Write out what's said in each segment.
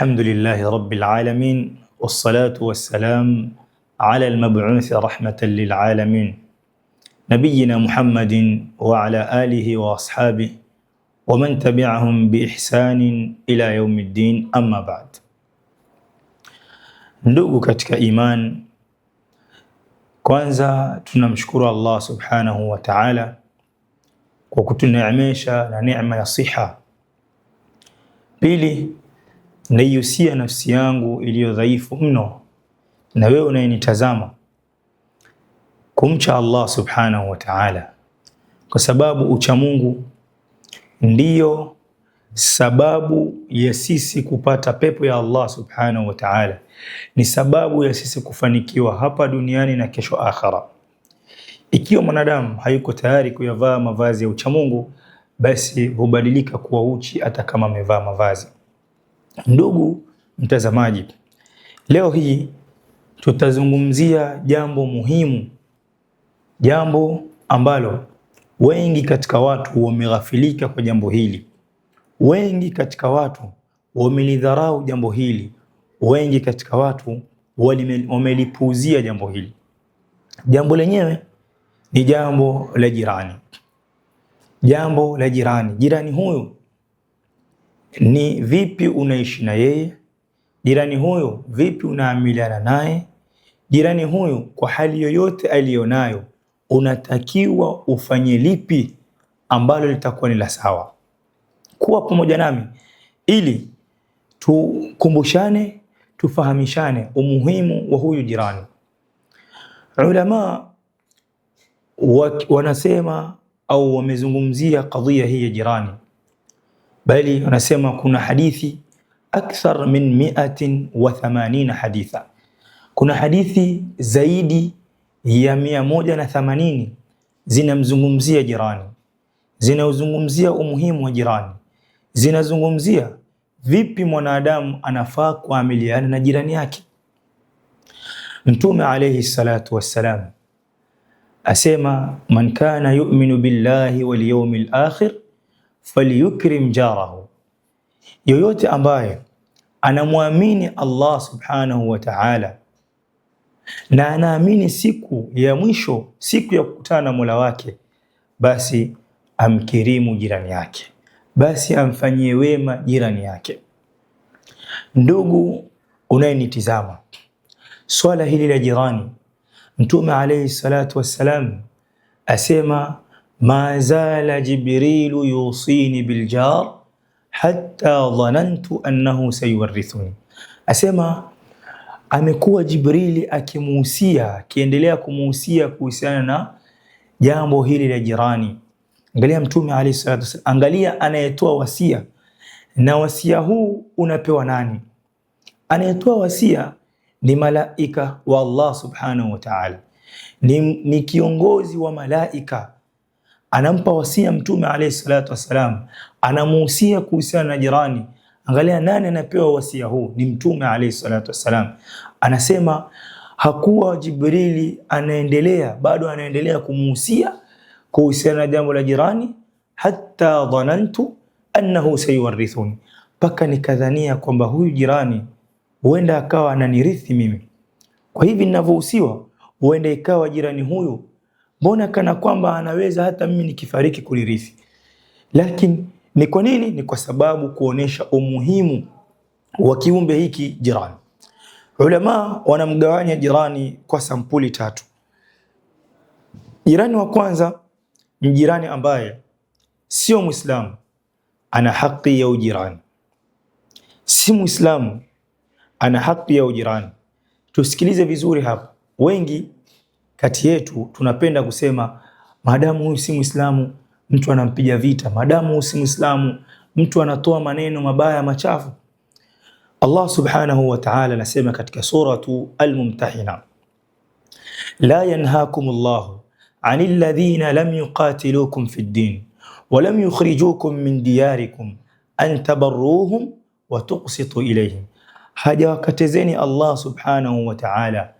الحمد لله رب العالمين والصلاة والسلام على المبعوث رحمة للعالمين نبينا محمد وعلى آله وأصحابه ومن تبعهم بإحسان إلى يوم الدين أما بعد ndugu katika iman kwanza tunamshukuru allah subhanahu wa taala kwa kutuneemesha naihusia nafsi yangu iliyo dhaifu mno, na wewe unayenitazama, kumcha Allah subhanahu wa ta'ala, kwa sababu uchamungu ndiyo sababu ya sisi kupata pepo ya Allah subhanahu wa ta'ala, ni sababu ya sisi kufanikiwa hapa duniani na kesho akhera. Ikiwa mwanadamu hayuko tayari kuyavaa mavazi ya uchamungu, basi hubadilika kuwa uchi hata kama amevaa mavazi Ndugu mtazamaji, leo hii tutazungumzia jambo muhimu, jambo ambalo wengi katika watu wameghafilika kwa jambo hili, wengi katika watu wamelidharau jambo hili, wengi katika watu wamelipuuzia jambo hili. Jambo lenyewe ni jambo la jirani, jambo la jirani. Jirani huyu ni vipi unaishi na yeye, jirani huyo vipi unaamiliana naye, jirani huyo kwa hali yoyote aliyonayo unatakiwa ufanye lipi ambalo litakuwa ni la sawa. Kuwa pamoja nami ili tukumbushane, tufahamishane umuhimu wa huyu jirani. Ulama wanasema au wamezungumzia kadhia hii ya jirani bali wanasema kuna hadithi akthar min miatin wa thamanina haditha, kuna hadithi zaidi ya mia moja na thamanini zinamzungumzia jirani, zinauzungumzia umuhimu wa jirani, zinazungumzia vipi mwanadamu anafaa kuamiliana na jirani yake. Mtume alayhi salatu wassalam asema man kana yu'minu billahi wal yawmil akhir falyukrim jarahu, yoyote ambaye anamwamini Allah subhanahu wa ta'ala na anaamini siku ya mwisho, siku ya kukutana na Mola wake, basi amkirimu jirani yake, basi amfanyie wema jirani yake. Ndugu unayenitizama, swala hili la jirani, Mtume alayhi salatu wassalam asema ma zala jibrilu yusini biljar hatta dhanantu annahu sayuwarithuni, asema amekuwa Jibrili akimuhusia akiendelea kumuhusia kuhusiana na jambo hili la jirani. Angalia Mtume alayhi salatu wasallam, angalia anayetoa wasia na wasia huu unapewa nani? Anayetoa wasia ni malaika wa Allah subhanahu wa ta'ala, ni, ni kiongozi wa malaika anampa wasia Mtume alayhi salatu wassalam, anamuhusia kuhusiana na jirani. Angalia nani anapewa wasia huu, ni Mtume alayhi salatu wassalam. Anasema hakuwa Jibrili anaendelea bado anaendelea kumuhusia kuhusiana na jambo la jirani, hatta dhanantu annahu sayuwarithuni, mpaka nikadhania kwamba huyu jirani huenda akawa ananirithi mimi. Kwa hivi ninavyohusiwa, huenda ikawa jirani huyu mbona kana kwamba anaweza hata mimi nikifariki kulirithi. Lakini ni kwa nini? Ni kwa sababu kuonesha umuhimu wa kiumbe hiki jirani. Ulama wanamgawanya jirani kwa sampuli tatu. Jirani wa kwanza ni jirani ambaye sio Muislamu, ana haki ya ujirani. Si Muislamu ana haki ya ujirani. Tusikilize vizuri hapa, wengi kati yetu tunapenda kusema maadamu huyu si Muislamu, mtu anampiga vita, maadamu huyu si Muislamu, mtu anatoa maneno mabaya machafu. Allah subhanahu wa ta'ala anasema katika suratu Al-Mumtahina, la yanhakum llahu ani alladhina lam yuqatilukum fi ddin wa lam yukhrijukum min diyarikum an tabarruhum wa tuqsitu ilayhim, hajawakatezeni Allah subhanahu wa ta'ala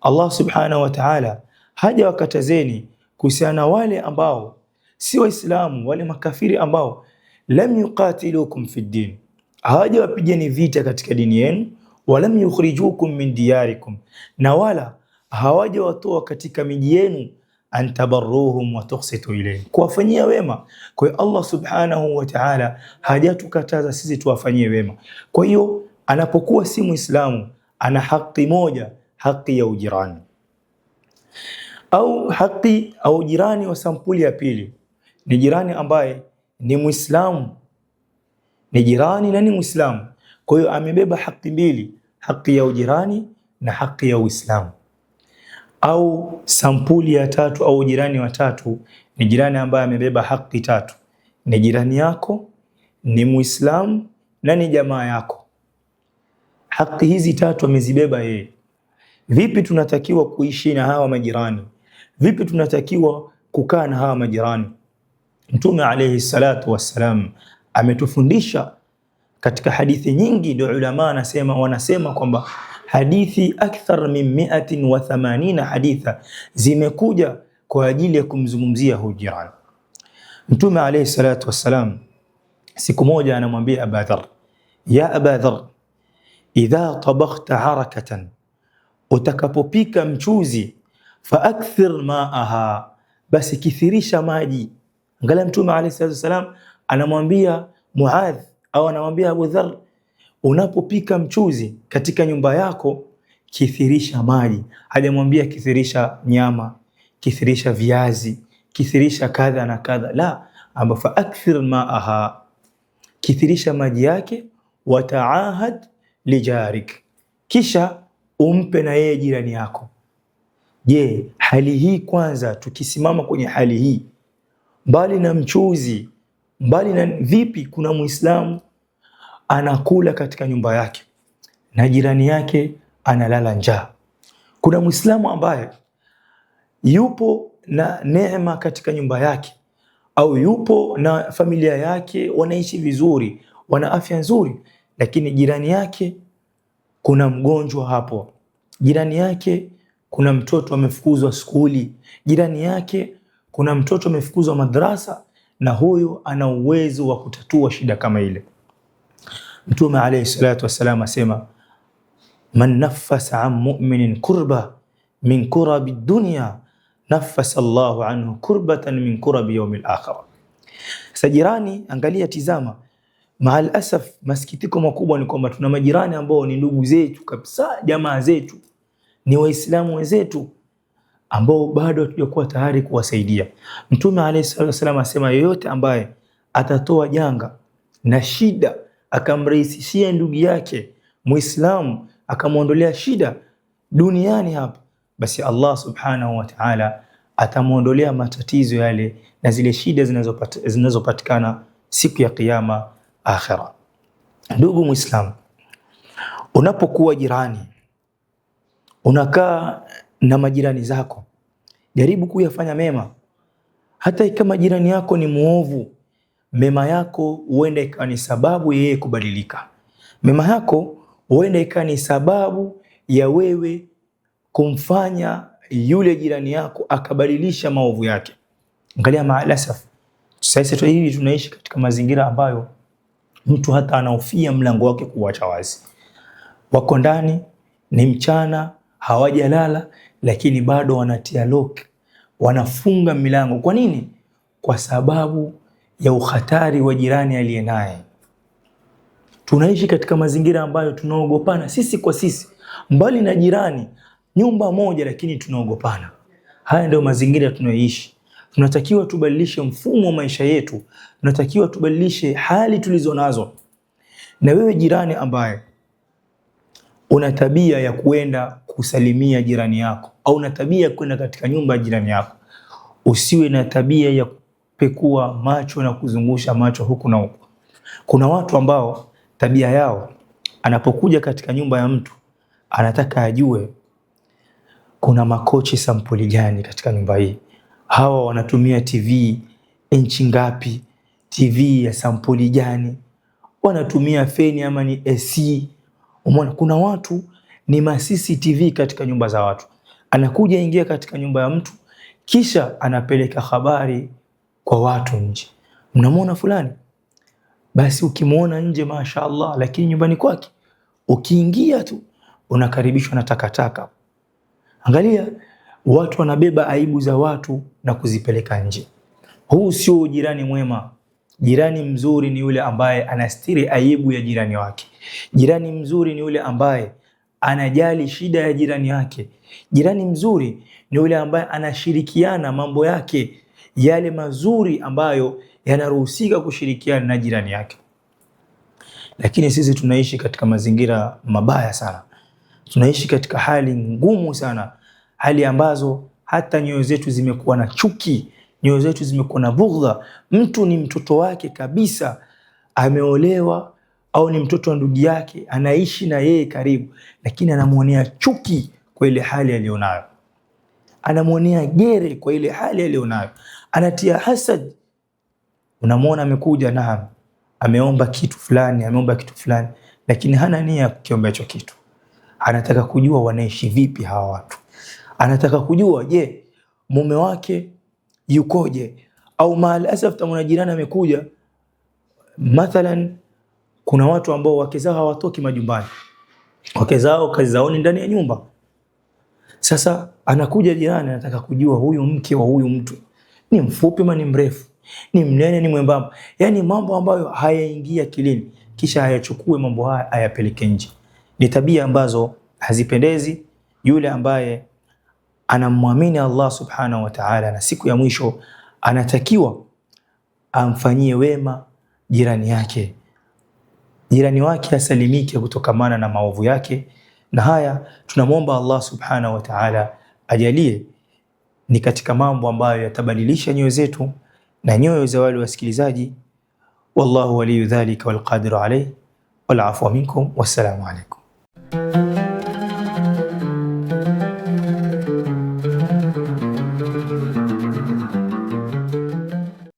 Allah subhanahu wa ta'ala haja wakatazeni kuhusiana na wale ambao si Waislamu, wale makafiri ambao lam yuqatilukum fi ddin, hawaja wapigeni vita katika dini yenu, walam yukhrijukum min diyarikum, na wala hawaja watoa katika miji yenu, antabarruhum wa tuhsitu ilayhim, kuwafanyia wema. Kwa hiyo Allah subhanahu wa ta'ala hajatukataza sisi tuwafanyie wema. Kwa hiyo anapokuwa si Muislamu ana haki moja haki ya ujirani au haki au jirani wa sampuli ya pili ni jirani ambaye ni Muislamu, ni jirani na ni Muislamu. Kwa hiyo amebeba haki mbili, haki ya ujirani na haki ya Uislamu. Au sampuli ya tatu au jirani wa tatu ni jirani ambaye amebeba haki tatu, ni jirani yako, ni Muislamu na ni jamaa yako. Haki hizi tatu amezibeba yeye. Vipi tunatakiwa kuishi na hawa majirani? Vipi tunatakiwa kukaa na hawa majirani? Mtume alayhi salatu wassalam ametufundisha katika hadithi nyingi, ndio ulama anasema wanasema kwamba hadithi akthar min miatin wa thamanina haditha zimekuja kwa ajili ya kumzungumzia huyu jirani. Mtume alayhi salatu wassalam siku moja anamwambia Abadhar, ya Abadhar idha tabaghta harakatan utakapopika mchuzi faakthir maaha, basi kithirisha maji. Angalia Mtume alayhi salatu wasalam anamwambia Muadh au anamwambia Abu Dharr, unapopika mchuzi katika nyumba yako kithirisha maji. Hajamwambia kithirisha nyama, kithirisha viazi, kithirisha kadha na kadha, la amba faakthir maaha, kithirisha maji yake. Wataahad lijarik, kisha umpe na yeye jirani yako. Je, hali hii kwanza, tukisimama kwenye hali hii, mbali na mchuzi, mbali na vipi, kuna Muislamu anakula katika nyumba yake na jirani yake analala njaa. Kuna Muislamu ambaye yupo na neema katika nyumba yake au yupo na familia yake, wanaishi vizuri, wana afya nzuri, lakini jirani yake kuna mgonjwa hapo, jirani yake kuna mtoto amefukuzwa skuli, jirani yake kuna mtoto amefukuzwa madrasa, na huyu ana uwezo wa kutatua shida kama ile. Mtume alayhi salatu wassalam asema man nafasa an mu'minin kurba min kurabi dunya nafasa Allahu anhu kurbatan min kurabi yaumil akhira. Sasa jirani, angalia, tizama Maalasaf, masikitiko makubwa ni kwamba tuna majirani ambao ni ndugu zetu kabisa, jamaa zetu, ni Waislamu wenzetu ambao bado hatujakuwa tayari kuwasaidia. Mtume alayhi salatu wasallam asema, yoyote ambaye atatoa janga na shida akamrahisishia ndugu yake Muislamu akamwondolea shida duniani hapa, basi Allah subhanahu wa ta'ala atamwondolea matatizo yale na zile shida zinazopatikana siku ya Kiyama akhira. Ndugu Muislamu, unapokuwa jirani, unakaa na majirani zako, jaribu kuyafanya mema, hata kama jirani yako ni muovu. Mema yako huenda ikawa ni sababu yeye kubadilika. Mema yako huenda ikawa ni sababu ya wewe kumfanya yule jirani yako akabadilisha maovu yake. Angalia maalasaf, sasa hivi tunaishi katika mazingira ambayo mtu hata anaofia mlango wake kuwacha wazi. Wako ndani, ni mchana, hawajalala, lakini bado wanatia lock, wanafunga milango. Kwa nini? Kwa sababu ya uhatari wa jirani aliye naye. Tunaishi katika mazingira ambayo tunaogopana sisi kwa sisi, mbali na jirani, nyumba moja, lakini tunaogopana. Haya ndio mazingira tunayoishi tunatakiwa tubadilishe mfumo wa maisha yetu, tunatakiwa tubadilishe hali tulizo nazo. Na wewe jirani ambaye una tabia ya kuenda kusalimia jirani yako au una tabia ya kwenda katika nyumba ya jirani yako, usiwe na tabia ya kupekua macho na kuzungusha macho huku na huku. Kuna watu ambao tabia yao anapokuja katika nyumba ya mtu anataka ajue kuna makochi sampuli gani katika nyumba hii, hawa wanatumia TV inchi ngapi, TV ya sampuli gani, wanatumia feni ama ni AC. Umeona, kuna watu ni ma CCTV katika nyumba za watu, anakuja ingia katika nyumba ya mtu kisha anapeleka habari kwa watu nje. Mnamwona fulani, basi ukimwona nje mashaallah, lakini nyumbani kwake ukiingia tu unakaribishwa na takataka. Angalia Watu wanabeba aibu za watu na kuzipeleka nje. Huu sio jirani mwema. Jirani mzuri ni yule ambaye anastiri aibu ya jirani wake. Jirani mzuri ni yule ambaye anajali shida ya jirani yake. Jirani mzuri ni yule ambaye anashirikiana mambo yake yale mazuri ambayo yanaruhusika kushirikiana na jirani yake. Lakini sisi tunaishi katika mazingira mabaya sana, tunaishi katika hali ngumu sana hali ambazo hata nyoyo zetu zimekuwa na chuki, nyoyo zetu zimekuwa na bughdha. Mtu ni mtoto wake kabisa, ameolewa au ni mtoto wa ndugu yake, anaishi na yeye karibu, lakini anamwonea chuki kwa ile hali aliyonayo, anamwonea gere kwa ile hali aliyonayo, anatia hasad. Unamwona amekuja, naam, ameomba kitu fulani, ameomba kitu fulani, lakini hana nia ya kukiomba hicho kitu. Anataka kujua wanaishi vipi hawa watu anataka kujua, je, mume wake yukoje? Au maalasaf tamuna jirani amekuja, mathalan kuna watu ambao wake zao hawatoki majumbani, wake zao kazi zao ni ndani ya nyumba. Sasa anakuja jirani, anataka kujua huyu mke wa huyu mtu ni mfupi ma ni mrefu, ni mnene ni mwembamba, yaani mambo ambayo hayaingia kilini, kisha hayachukue mambo haya ayapeleke nje. Ni tabia ambazo hazipendezi yule ambaye anamwamini Allah subhanahu wa ta'ala, na siku ya mwisho anatakiwa amfanyie wema jirani yake, jirani wake asalimike kutokamana na maovu yake. Na haya tunamwomba Allah subhanahu wa ta'ala ajalie ni katika mambo ambayo yatabadilisha nyoyo zetu na nyoyo za wale wasikilizaji. Wallahu waliyu dhalika walqadiru alayhi walafu minkum, wassalamu alaykum.